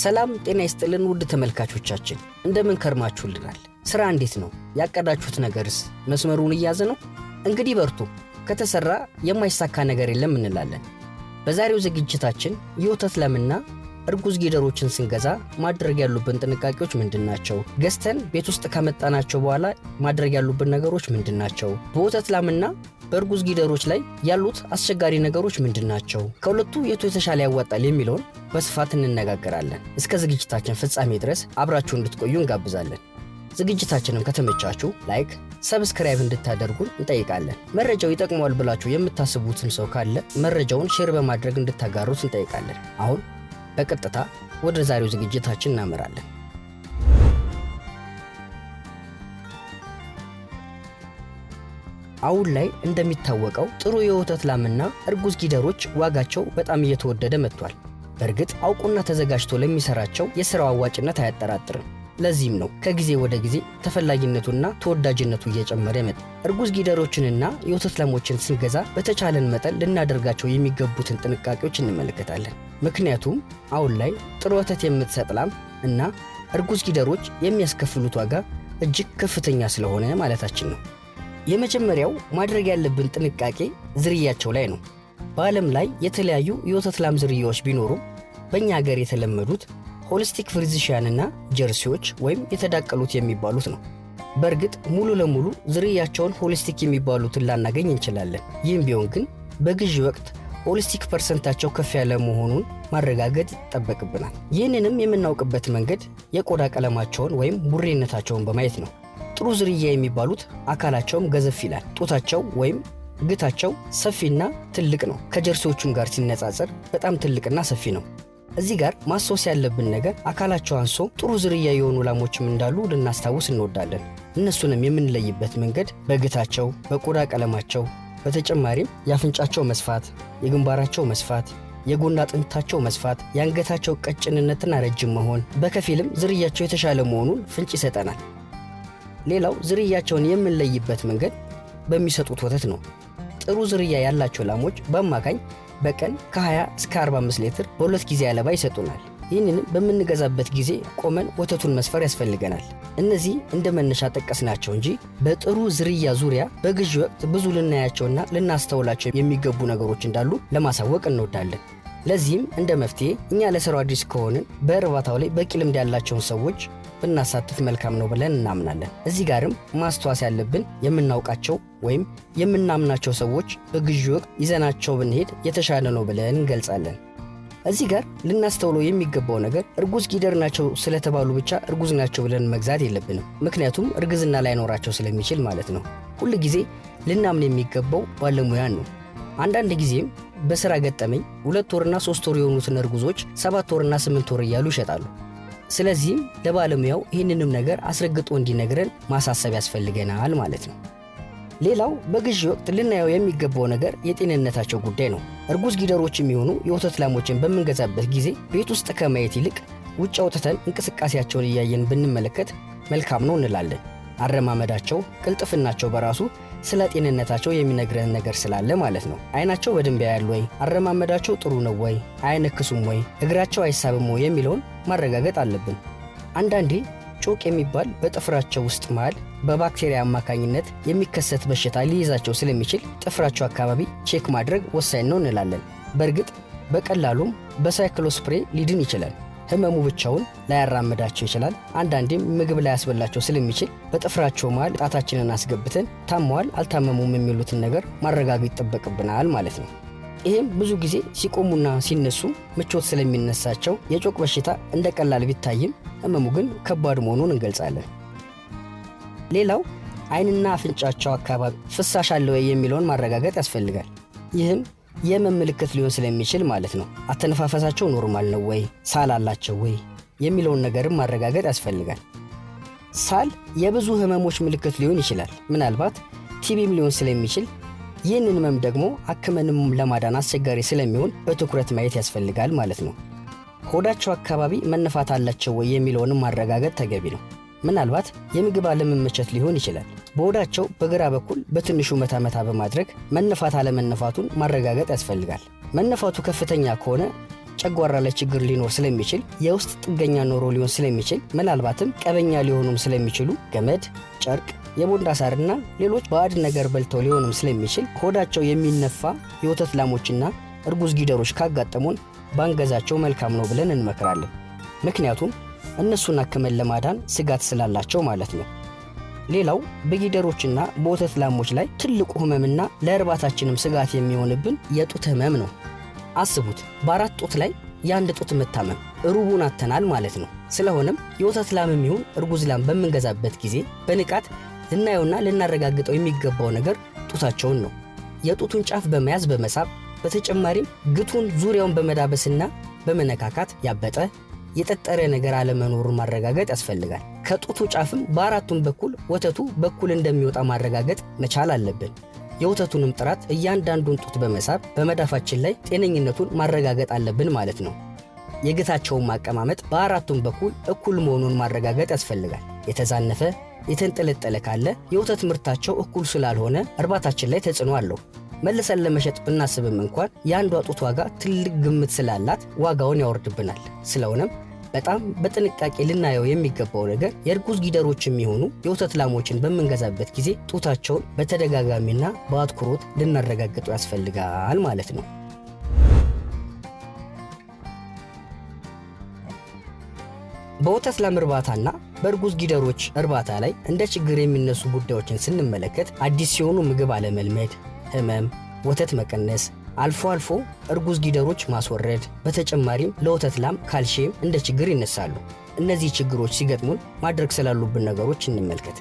ሰላም ጤና ይስጥልን ውድ ተመልካቾቻችን እንደምን ከርማችሁልናል? ስራ እንዴት ነው? ያቀዳችሁት ነገርስ መስመሩን እያዘ ነው? እንግዲህ በርቱ፣ ከተሰራ የማይሳካ ነገር የለም እንላለን። በዛሬው ዝግጅታችን የወተት ላምና እርጉዝ ጊደሮችን ስንገዛ ማድረግ ያሉብን ጥንቃቄዎች ምንድን ናቸው? ገዝተን ቤት ውስጥ ከመጣናቸው በኋላ ማድረግ ያሉብን ነገሮች ምንድን ናቸው? በወተት ላምና በእርጉዝ ጊደሮች ላይ ያሉት አስቸጋሪ ነገሮች ምንድን ናቸው? ከሁለቱ የቱ የተሻለ ያዋጣል የሚለውን በስፋት እንነጋገራለን። እስከ ዝግጅታችን ፍጻሜ ድረስ አብራችሁ እንድትቆዩ እንጋብዛለን። ዝግጅታችንም ከተመቻችሁ ላይክ፣ ሰብስክራይብ እንድታደርጉን እንጠይቃለን። መረጃው ይጠቅመዋል ብላችሁ የምታስቡትም ሰው ካለ መረጃውን ሼር በማድረግ እንድታጋሩት እንጠይቃለን። አሁን በቀጥታ ወደ ዛሬው ዝግጅታችን እናመራለን። አሁን ላይ እንደሚታወቀው ጥሩ የወተት ላምና እርጉዝ ጊደሮች ዋጋቸው በጣም እየተወደደ መጥቷል። በእርግጥ አውቆና ተዘጋጅቶ ለሚሰራቸው የሥራው አዋጭነት አያጠራጥርም። ለዚህም ነው ከጊዜ ወደ ጊዜ ተፈላጊነቱና ተወዳጅነቱ እየጨመረ ይመጣ። እርጉዝ ጊደሮችንና የወተት ላሞችን ስንገዛ በተቻለን መጠን ልናደርጋቸው የሚገቡትን ጥንቃቄዎች እንመለከታለን። ምክንያቱም አሁን ላይ ጥሩ ወተት የምትሰጥ ላም እና እርጉዝ ጊደሮች የሚያስከፍሉት ዋጋ እጅግ ከፍተኛ ስለሆነ ማለታችን ነው። የመጀመሪያው ማድረግ ያለብን ጥንቃቄ ዝርያቸው ላይ ነው። በዓለም ላይ የተለያዩ የወተት ላም ዝርያዎች ቢኖሩም በእኛ ሀገር የተለመዱት ሆሊስቲክ ፍሪዚሽያንና ጀርሲዎች ወይም የተዳቀሉት የሚባሉት ነው። በእርግጥ ሙሉ ለሙሉ ዝርያቸውን ሆሊስቲክ የሚባሉትን ላናገኝ እንችላለን። ይህም ቢሆን ግን በግዢ ወቅት ሆሊስቲክ ፐርሰንታቸው ከፍ ያለ መሆኑን ማረጋገጥ ይጠበቅብናል። ይህንንም የምናውቅበት መንገድ የቆዳ ቀለማቸውን ወይም ቡሬነታቸውን በማየት ነው። ጥሩ ዝርያ የሚባሉት አካላቸውም ገዘፍ ይላል። ጡታቸው ወይም ግታቸው ሰፊና ትልቅ ነው። ከጀርሲዎቹም ጋር ሲነጻጸር በጣም ትልቅና ሰፊ ነው። እዚህ ጋር ማስታወስ ያለብን ነገር አካላቸው አንሶ ጥሩ ዝርያ የሆኑ ላሞችም እንዳሉ ልናስታውስ እንወዳለን። እነሱንም የምንለይበት መንገድ በግታቸው በቆዳ ቀለማቸው፣ በተጨማሪም የአፍንጫቸው መስፋት፣ የግንባራቸው መስፋት የጎን አጥንታቸው መስፋት፣ የአንገታቸው ቀጭንነትና ረጅም መሆን በከፊልም ዝርያቸው የተሻለ መሆኑን ፍንጭ ይሰጠናል። ሌላው ዝርያቸውን የምንለይበት መንገድ በሚሰጡት ወተት ነው። ጥሩ ዝርያ ያላቸው ላሞች በአማካኝ በቀን ከ20 እስከ 45 ሊትር በሁለት ጊዜ አለባ ይሰጡናል። ይህንንም በምንገዛበት ጊዜ ቆመን ወተቱን መስፈር ያስፈልገናል። እነዚህ እንደ መነሻ ጠቀስናቸው እንጂ በጥሩ ዝርያ ዙሪያ በግዢ ወቅት ብዙ ልናያቸውና ልናስተውላቸው የሚገቡ ነገሮች እንዳሉ ለማሳወቅ እንወዳለን። ለዚህም እንደ መፍትሄ እኛ ለስራው አዲስ ከሆንን በእርባታው ላይ በቂ ልምድ ያላቸውን ሰዎች ብናሳትፍ መልካም ነው ብለን እናምናለን። እዚህ ጋርም ማስተዋስ ያለብን የምናውቃቸው ወይም የምናምናቸው ሰዎች በግዢ ወቅት ይዘናቸው ብንሄድ የተሻለ ነው ብለን እንገልጻለን። እዚህ ጋር ልናስተውለው የሚገባው ነገር እርጉዝ ጊደር ናቸው ስለተባሉ ብቻ እርጉዝ ናቸው ብለን መግዛት የለብንም። ምክንያቱም እርግዝና ላይኖራቸው ስለሚችል ማለት ነው። ሁል ጊዜ ልናምን የሚገባው ባለሙያን ነው። አንዳንድ ጊዜም በስራ ገጠመኝ ሁለት ወርና ሶስት ወር የሆኑትን እርጉዞች ሰባት ወርና ስምንት ወር እያሉ ይሸጣሉ። ስለዚህም ለባለሙያው ይህንንም ነገር አስረግጦ እንዲነግረን ማሳሰብ ያስፈልገናል ማለት ነው። ሌላው በግዢ ወቅት ልናየው የሚገባው ነገር የጤንነታቸው ጉዳይ ነው። እርጉዝ ጊደሮች የሚሆኑ የወተት ላሞችን በምንገዛበት ጊዜ ቤት ውስጥ ከማየት ይልቅ ውጭ አውጥተን እንቅስቃሴያቸውን እያየን ብንመለከት መልካም ነው እንላለን። አረማመዳቸው፣ ቅልጥፍናቸው በራሱ ስለ ጤንነታቸው የሚነግረን ነገር ስላለ ማለት ነው። አይናቸው በደንብ ያያል ወይ? አረማመዳቸው ጥሩ ነው ወይ? አይነክሱም ወይ? እግራቸው አይሳብም ወይ? የሚለውን ማረጋገጥ አለብን። አንዳንዴ ጮቅ የሚባል በጥፍራቸው ውስጥ መሃል በባክቴሪያ አማካኝነት የሚከሰት በሽታ ሊይዛቸው ስለሚችል ጥፍራቸው አካባቢ ቼክ ማድረግ ወሳኝ ነው እንላለን። በእርግጥ በቀላሉም በሳይክሎስፕሬ ሊድን ይችላል። ህመሙ ብቻውን ላያራምዳቸው ይችላል። አንዳንዴም ምግብ ላያስበላቸው ስለሚችል በጥፍራቸው መሃል ጣታችንን አስገብተን ታመዋል አልታመሙም የሚሉትን ነገር ማረጋገጥ ይጠበቅብናል ማለት ነው። ይህም ብዙ ጊዜ ሲቆሙና ሲነሱ ምቾት ስለሚነሳቸው የጮቅ በሽታ እንደ ቀላል ቢታይም ህመሙ ግን ከባድ መሆኑን እንገልጻለን። ሌላው አይንና አፍንጫቸው አካባቢ ፍሳሽ አለ ወይ የሚለውን ማረጋገጥ ያስፈልጋል። ይህም የምን ምልክት ሊሆን ስለሚችል ማለት ነው። አተነፋፈሳቸው ኖርማል ነው ወይ፣ ሳል አላቸው ወይ የሚለውን ነገርም ማረጋገጥ ያስፈልጋል። ሳል የብዙ ህመሞች ምልክት ሊሆን ይችላል። ምናልባት ቲቢም ሊሆን ስለሚችል ይህንን ህመም ደግሞ አክመንም ለማዳን አስቸጋሪ ስለሚሆን በትኩረት ማየት ያስፈልጋል ማለት ነው። ሆዳቸው አካባቢ መነፋት አላቸው ወይ የሚለውንም ማረጋገጥ ተገቢ ነው። ምናልባት የምግብ አለመመቸት ሊሆን ይችላል። በሆዳቸው በግራ በኩል በትንሹ መታ መታ በማድረግ መነፋት አለመነፋቱን ማረጋገጥ ያስፈልጋል። መነፋቱ ከፍተኛ ከሆነ ጨጓራ ላይ ችግር ሊኖር ስለሚችል የውስጥ ጥገኛ ኖሮ ሊሆን ስለሚችል ምናልባትም ቀበኛ ሊሆኑም ስለሚችሉ ገመድ፣ ጨርቅ፣ የቦንዳ ሳርና ሌሎች ባዕድ ነገር በልተው ሊሆንም ስለሚችል ከወዳቸው የሚነፋ የወተት ላሞችና እርጉዝ ጊደሮች ካጋጠሙን ባንገዛቸው መልካም ነው ብለን እንመክራለን። ምክንያቱም እነሱን አክመን ለማዳን ስጋት ስላላቸው ማለት ነው። ሌላው በጊደሮችና በወተት ላሞች ላይ ትልቁ ህመምና ለእርባታችንም ስጋት የሚሆንብን የጡት ህመም ነው። አስቡት በአራት ጡት ላይ የአንድ ጡት መታመም ሩቡን አተናል ማለት ነው። ስለሆነም የወተት ላም የሚሆን እርጉዝ ላም በምንገዛበት ጊዜ በንቃት ልናየውና ልናረጋግጠው የሚገባው ነገር ጡታቸውን ነው። የጡቱን ጫፍ በመያዝ በመሳብ በተጨማሪም ግቱን ዙሪያውን በመዳበስና በመነካካት ያበጠ የጠጠረ ነገር አለመኖሩን ማረጋገጥ ያስፈልጋል። ከጡቱ ጫፍም በአራቱም በኩል ወተቱ በኩል እንደሚወጣ ማረጋገጥ መቻል አለብን። የወተቱንም ጥራት እያንዳንዱን ጡት በመሳብ በመዳፋችን ላይ ጤነኝነቱን ማረጋገጥ አለብን ማለት ነው። የግታቸውን ማቀማመጥ በአራቱም በኩል እኩል መሆኑን ማረጋገጥ ያስፈልጋል። የተዛነፈ የተንጠለጠለ ካለ የወተት ምርታቸው እኩል ስላልሆነ እርባታችን ላይ ተጽዕኖ አለው። መልሰን ለመሸጥ ብናስብም እንኳን የአንዷ ጡት ዋጋ ትልቅ ግምት ስላላት ዋጋውን ያወርድብናል። ስለሆነም በጣም በጥንቃቄ ልናየው የሚገባው ነገር የእርጉዝ ጊደሮች የሚሆኑ የወተት ላሞችን በምንገዛበት ጊዜ ጡታቸውን በተደጋጋሚና በአትኩሮት ልናረጋግጡ ያስፈልጋል ማለት ነው። በወተት ላም እርባታና በእርጉዝ ጊደሮች እርባታ ላይ እንደ ችግር የሚነሱ ጉዳዮችን ስንመለከት አዲስ ሲሆኑ ምግብ አለመልመድ፣ ህመም፣ ወተት መቀነስ አልፎ አልፎ እርጉዝ ጊደሮች ማስወረድ፣ በተጨማሪም ለወተት ላም ካልሽየም እንደ ችግር ይነሳሉ። እነዚህ ችግሮች ሲገጥሙን ማድረግ ስላሉብን ነገሮች እንመልከት።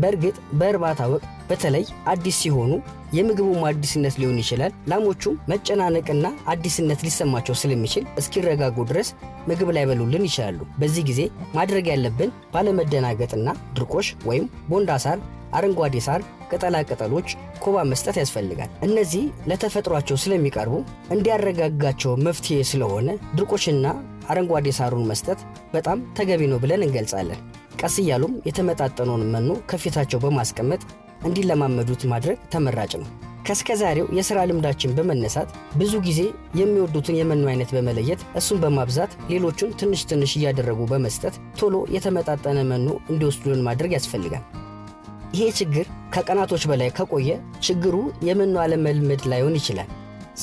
በእርግጥ በእርባታ ወቅት በተለይ አዲስ ሲሆኑ የምግቡም አዲስነት ሊሆን ይችላል። ላሞቹም መጨናነቅና አዲስነት ሊሰማቸው ስለሚችል እስኪረጋጉ ድረስ ምግብ ላይበሉልን ይችላሉ። በዚህ ጊዜ ማድረግ ያለብን ባለመደናገጥና ድርቆሽ ወይም ቦንዳ ሳር፣ አረንጓዴ ሳር፣ ቅጠላ ቅጠሎች፣ ኮባ መስጠት ያስፈልጋል። እነዚህ ለተፈጥሯቸው ስለሚቀርቡ እንዲያረጋጋቸው መፍትሄ ስለሆነ ድርቆሽና አረንጓዴ ሳሩን መስጠት በጣም ተገቢ ነው ብለን እንገልጻለን። ቀስ እያሉም የተመጣጠነውን መኖ ከፊታቸው በማስቀመጥ እንዲለማመዱት ማድረግ ተመራጭ ነው። ከስከ ዛሬው የሥራ ልምዳችን በመነሳት ብዙ ጊዜ የሚወዱትን የመኖ አይነት በመለየት እሱን በማብዛት ሌሎቹን ትንሽ ትንሽ እያደረጉ በመስጠት ቶሎ የተመጣጠነ መኖ እንዲወስዱልን ማድረግ ያስፈልጋል። ይሄ ችግር ከቀናቶች በላይ ከቆየ ችግሩ የመኖ አለመልመድ ላይሆን ይችላል።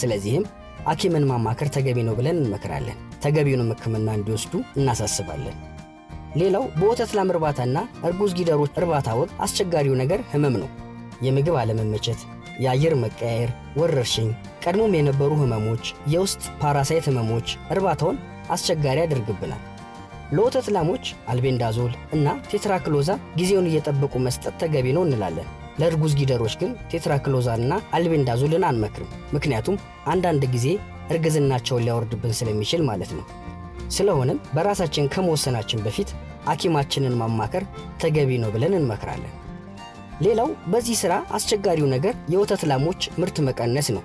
ስለዚህም ሐኪምን ማማከር ተገቢ ነው ብለን እንመክራለን። ተገቢውንም ሕክምና እንዲወስዱ እናሳስባለን። ሌላው በወተት ላም እርባታና እርጉዝ ጊደሮች እርባታ ወቅት አስቸጋሪው ነገር ህመም ነው። የምግብ አለመመቸት፣ የአየር መቀያየር፣ ወረርሽኝ፣ ቀድሞም የነበሩ ህመሞች፣ የውስጥ ፓራሳይት ህመሞች እርባታውን አስቸጋሪ ያደርግብናል። ለወተት ላሞች አልቤንዳዞል እና ቴትራክሎዛ ጊዜውን እየጠበቁ መስጠት ተገቢ ነው እንላለን። ለእርጉዝ ጊደሮች ግን ቴትራክሎዛንና አልቤንዳዞልን አንመክርም። ምክንያቱም አንዳንድ ጊዜ እርግዝናቸውን ሊያወርድብን ስለሚችል ማለት ነው። ስለሆነም በራሳችን ከመወሰናችን በፊት ሐኪማችንን ማማከር ተገቢ ነው ብለን እንመክራለን። ሌላው በዚህ ሥራ አስቸጋሪው ነገር የወተት ላሞች ምርት መቀነስ ነው።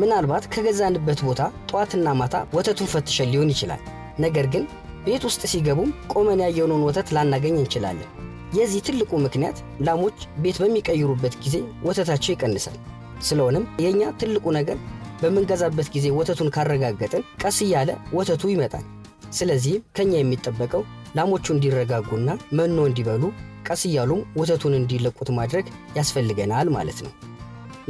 ምናልባት ከገዛንበት ቦታ ጠዋትና ማታ ወተቱን ፈትሸን ሊሆን ይችላል። ነገር ግን ቤት ውስጥ ሲገቡም ቆመን ያየነውን ወተት ላናገኝ እንችላለን። የዚህ ትልቁ ምክንያት ላሞች ቤት በሚቀይሩበት ጊዜ ወተታቸው ይቀንሳል። ስለሆነም የእኛ ትልቁ ነገር በምንገዛበት ጊዜ ወተቱን ካረጋገጥን ቀስ እያለ ወተቱ ይመጣል። ስለዚህም ከኛ የሚጠበቀው ላሞቹ እንዲረጋጉና መኖ እንዲበሉ ቀስ እያሉም ወተቱን እንዲለቁት ማድረግ ያስፈልገናል ማለት ነው።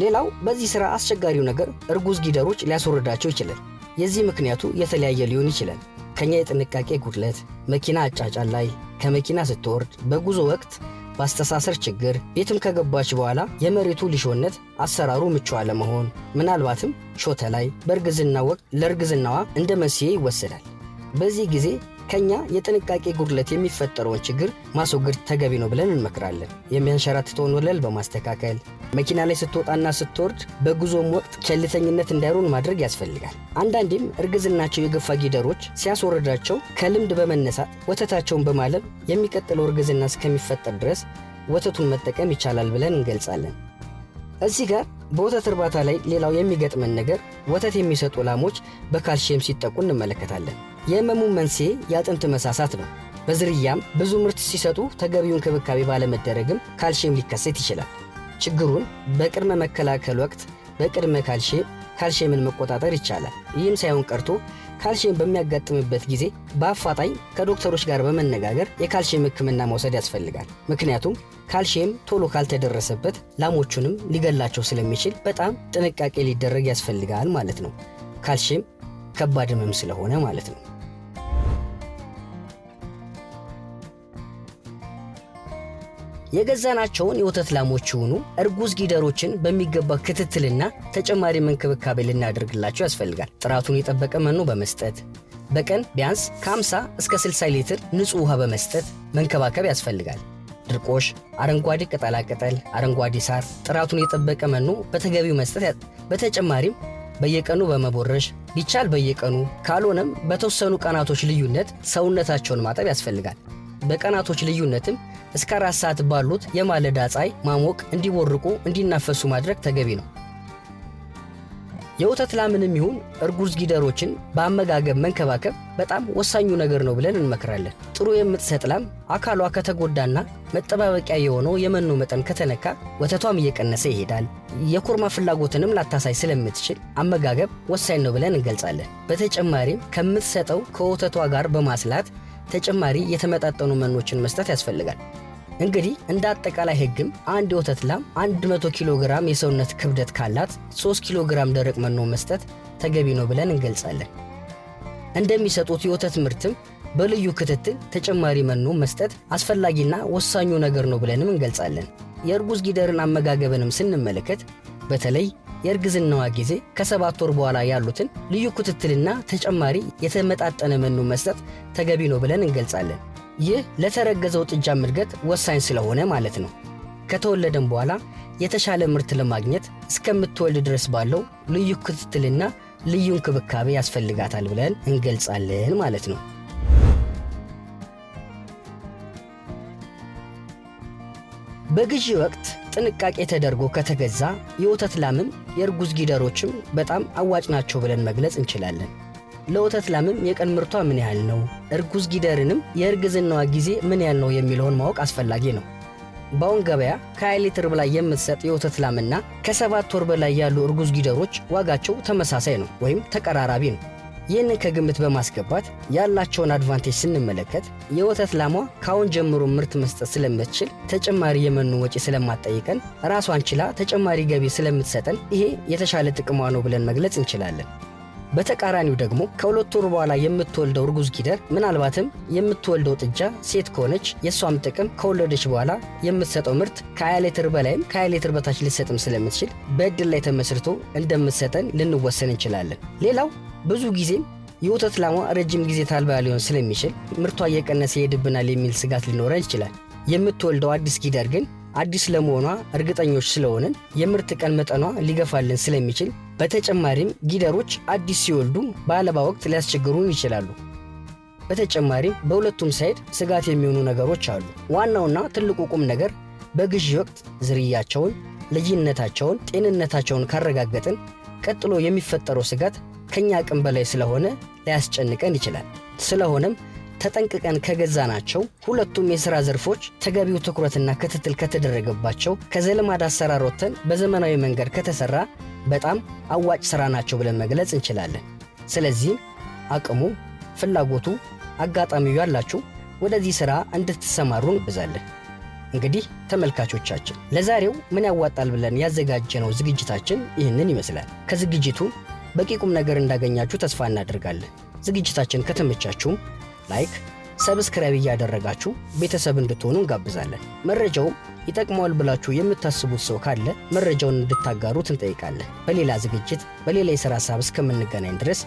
ሌላው በዚህ ሥራ አስቸጋሪው ነገር እርጉዝ ጊደሮች ሊያስወርዳቸው ይችላል። የዚህ ምክንያቱ የተለያየ ሊሆን ይችላል። ከኛ የጥንቃቄ ጉድለት፣ መኪና አጫጫን ላይ፣ ከመኪና ስትወርድ፣ በጉዞ ወቅት፣ በአስተሳሰር ችግር፣ ቤትም ከገባች በኋላ የመሬቱ ሊሾነት፣ አሰራሩ ምቹ አለመሆን፣ ምናልባትም ሾተ ላይ በእርግዝና ወቅት ለእርግዝናዋ እንደ መስዬ ይወሰዳል። በዚህ ጊዜ ከኛ የጥንቃቄ ጉድለት የሚፈጠረውን ችግር ማስወገድ ተገቢ ነው ብለን እንመክራለን። የሚያንሸራትተውን ወለል በማስተካከል መኪና ላይ ስትወጣና ስትወርድ በጉዞም ወቅት ቸልተኝነት እንዳይሆን ማድረግ ያስፈልጋል። አንዳንዴም እርግዝናቸው የገፋ ጊደሮች ሲያስወርዳቸው ከልምድ በመነሳት ወተታቸውን በማለብ የሚቀጥለው እርግዝና እስከሚፈጠር ድረስ ወተቱን መጠቀም ይቻላል ብለን እንገልጻለን። እዚህ ጋር በወተት እርባታ ላይ ሌላው የሚገጥመን ነገር ወተት የሚሰጡ ላሞች በካልሽየም ሲጠቁ እንመለከታለን። የህመሙ መንስኤ የአጥንት መሳሳት ነው። በዝርያም ብዙ ምርት ሲሰጡ ተገቢው እንክብካቤ ባለመደረግም ካልሽየም ሊከሰት ይችላል። ችግሩን በቅድመ መከላከል ወቅት በቅድመ ካልሽየም ካልሽየምን መቆጣጠር ይቻላል። ይህም ሳይሆን ቀርቶ ካልሽየም በሚያጋጥምበት ጊዜ በአፋጣኝ ከዶክተሮች ጋር በመነጋገር የካልሽየም ሕክምና መውሰድ ያስፈልጋል። ምክንያቱም ካልሽየም ቶሎ ካልተደረሰበት ላሞቹንም ሊገላቸው ስለሚችል በጣም ጥንቃቄ ሊደረግ ያስፈልጋል ማለት ነው። ካልሽየም ከባድ ህመም ስለሆነ ማለት ነው። የገዛናቸውን የወተት ላሞች የሆኑ እርጉዝ ጊደሮችን በሚገባ ክትትልና ተጨማሪ እንክብካቤ ልናደርግላቸው ያስፈልጋል። ጥራቱን የጠበቀ መኖ በመስጠት በቀን ቢያንስ ከ50 እስከ 60 ሊትር ንጹህ ውሃ በመስጠት መንከባከብ ያስፈልጋል። ድርቆሽ፣ አረንጓዴ ቅጠላቅጠል፣ አረንጓዴ ሳር፣ ጥራቱን የጠበቀ መኖ በተገቢው መስጠት፣ በተጨማሪም በየቀኑ በመቦረሽ ቢቻል በየቀኑ ካልሆነም በተወሰኑ ቀናቶች ልዩነት ሰውነታቸውን ማጠብ ያስፈልጋል። በቀናቶች ልዩነትም እስከ አራት ሰዓት ባሉት የማለዳ ፀሐይ ማሞቅ እንዲቦርቁ እንዲናፈሱ ማድረግ ተገቢ ነው። የወተት ላምንም ይሁን እርጉዝ ጊደሮችን በአመጋገብ መንከባከብ በጣም ወሳኙ ነገር ነው ብለን እንመክራለን። ጥሩ የምትሰጥ ላም አካሏ ከተጎዳና መጠባበቂያ የሆነው የመኖ መጠን ከተነካ ወተቷም እየቀነሰ ይሄዳል። የኮርማ ፍላጎትንም ላታሳይ ስለምትችል አመጋገብ ወሳኝ ነው ብለን እንገልጻለን። በተጨማሪም ከምትሰጠው ከወተቷ ጋር በማስላት ተጨማሪ የተመጣጠኑ መኖችን መስጠት ያስፈልጋል። እንግዲህ እንደ አጠቃላይ ህግም አንድ የወተት ላም 100 ኪሎ ግራም የሰውነት ክብደት ካላት 3 ኪሎ ግራም ደረቅ መኖ መስጠት ተገቢ ነው ብለን እንገልጻለን። እንደሚሰጡት የወተት ምርትም በልዩ ክትትል ተጨማሪ መኖ መስጠት አስፈላጊና ወሳኙ ነገር ነው ብለንም እንገልጻለን። የእርጉዝ ጊደርን አመጋገብንም ስንመለከት በተለይ የእርግዝናዋ ጊዜ ከሰባት ወር በኋላ ያሉትን ልዩ ክትትልና ተጨማሪ የተመጣጠነ መኖ መስጠት ተገቢ ነው ብለን እንገልጻለን። ይህ ለተረገዘው ጥጃም እድገት ወሳኝ ስለሆነ ማለት ነው። ከተወለደም በኋላ የተሻለ ምርት ለማግኘት እስከምትወልድ ድረስ ባለው ልዩ ክትትልና ልዩ እንክብካቤ ያስፈልጋታል ብለን እንገልጻለን ማለት ነው። በግዢ ወቅት ጥንቃቄ ተደርጎ ከተገዛ የወተት ላምም የእርጉዝ ጊደሮችም በጣም አዋጭ ናቸው ብለን መግለጽ እንችላለን። ለወተት ላምም የቀን ምርቷ ምን ያህል ነው፣ እርጉዝ ጊደርንም የእርግዝናዋ ጊዜ ምን ያህል ነው የሚለውን ማወቅ አስፈላጊ ነው። በአሁን ገበያ ከ20 ሊትር በላይ የምትሰጥ የወተት ላምና ከሰባት ወር በላይ ያሉ እርጉዝ ጊደሮች ዋጋቸው ተመሳሳይ ነው ወይም ተቀራራቢ ነው። ይህንን ከግምት በማስገባት ያላቸውን አድቫንቴጅ ስንመለከት የወተት ላሟ ከአሁን ጀምሮ ምርት መስጠት ስለምትችል ተጨማሪ የመኖ ወጪ ስለማጠይቀን ራሷን ችላ ተጨማሪ ገቢ ስለምትሰጠን ይሄ የተሻለ ጥቅሟ ነው ብለን መግለጽ እንችላለን። በተቃራኒው ደግሞ ከሁለት ወር በኋላ የምትወልደው እርጉዝ ጊደር ምናልባትም የምትወልደው ጥጃ ሴት ከሆነች የእሷም ጥቅም ከወለደች በኋላ የምትሰጠው ምርት ከ20 በላይም ከ20 በታች ልትሰጥም ስለምትችል በእድል ላይ ተመስርቶ እንደምትሰጠን ልንወሰን እንችላለን። ሌላው ብዙ ጊዜም የወተት ላሟ ረጅም ጊዜ ታልባ ሊሆን ስለሚችል ምርቷ እየቀነሰ ይሄድብናል የሚል ስጋት ሊኖረን ይችላል። የምትወልደው አዲስ ጊደር ግን አዲስ ለመሆኗ እርግጠኞች ስለሆንን የምርት ቀን መጠኗ ሊገፋልን ስለሚችል በተጨማሪም ጊደሮች አዲስ ሲወልዱ በአለባ ወቅት ሊያስቸግሩን ይችላሉ። በተጨማሪም በሁለቱም ሳይድ ስጋት የሚሆኑ ነገሮች አሉ። ዋናውና ትልቁ ቁም ነገር በግዢ ወቅት ዝርያቸውን፣ ልዩነታቸውን፣ ጤንነታቸውን ካረጋገጥን ቀጥሎ የሚፈጠረው ስጋት ከኛ አቅም በላይ ስለሆነ ሊያስጨንቀን ይችላል። ስለሆነም ተጠንቅቀን ከገዛ ናቸው። ሁለቱም የሥራ ዘርፎች ተገቢው ትኩረትና ክትትል ከተደረገባቸው ከዘልማድ አሰራር ወጥተን በዘመናዊ መንገድ ከተሰራ በጣም አዋጭ ሥራ ናቸው ብለን መግለጽ እንችላለን። ስለዚህም አቅሙ፣ ፍላጎቱ፣ አጋጣሚው ያላችሁ ወደዚህ ሥራ እንድትሰማሩ እንብዛለን። እንግዲህ ተመልካቾቻችን ለዛሬው ምን ያዋጣል ብለን ያዘጋጀነው ዝግጅታችን ይህንን ይመስላል። ከዝግጅቱ በቂ ቁም ነገር እንዳገኛችሁ ተስፋ እናደርጋለን። ዝግጅታችን ከተመቻችሁም ላይክ፣ ሰብስክራይብ እያደረጋችሁ ቤተሰብ እንድትሆኑ እንጋብዛለን። መረጃውም ይጠቅመዋል ብላችሁ የምታስቡት ሰው ካለ መረጃውን እንድታጋሩት እንጠይቃለን። በሌላ ዝግጅት በሌላ የሥራ ሀሳብ እስከምንገናኝ ድረስ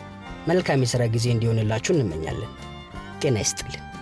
መልካም የሥራ ጊዜ እንዲሆንላችሁ እንመኛለን። ጤና ይስጥልን።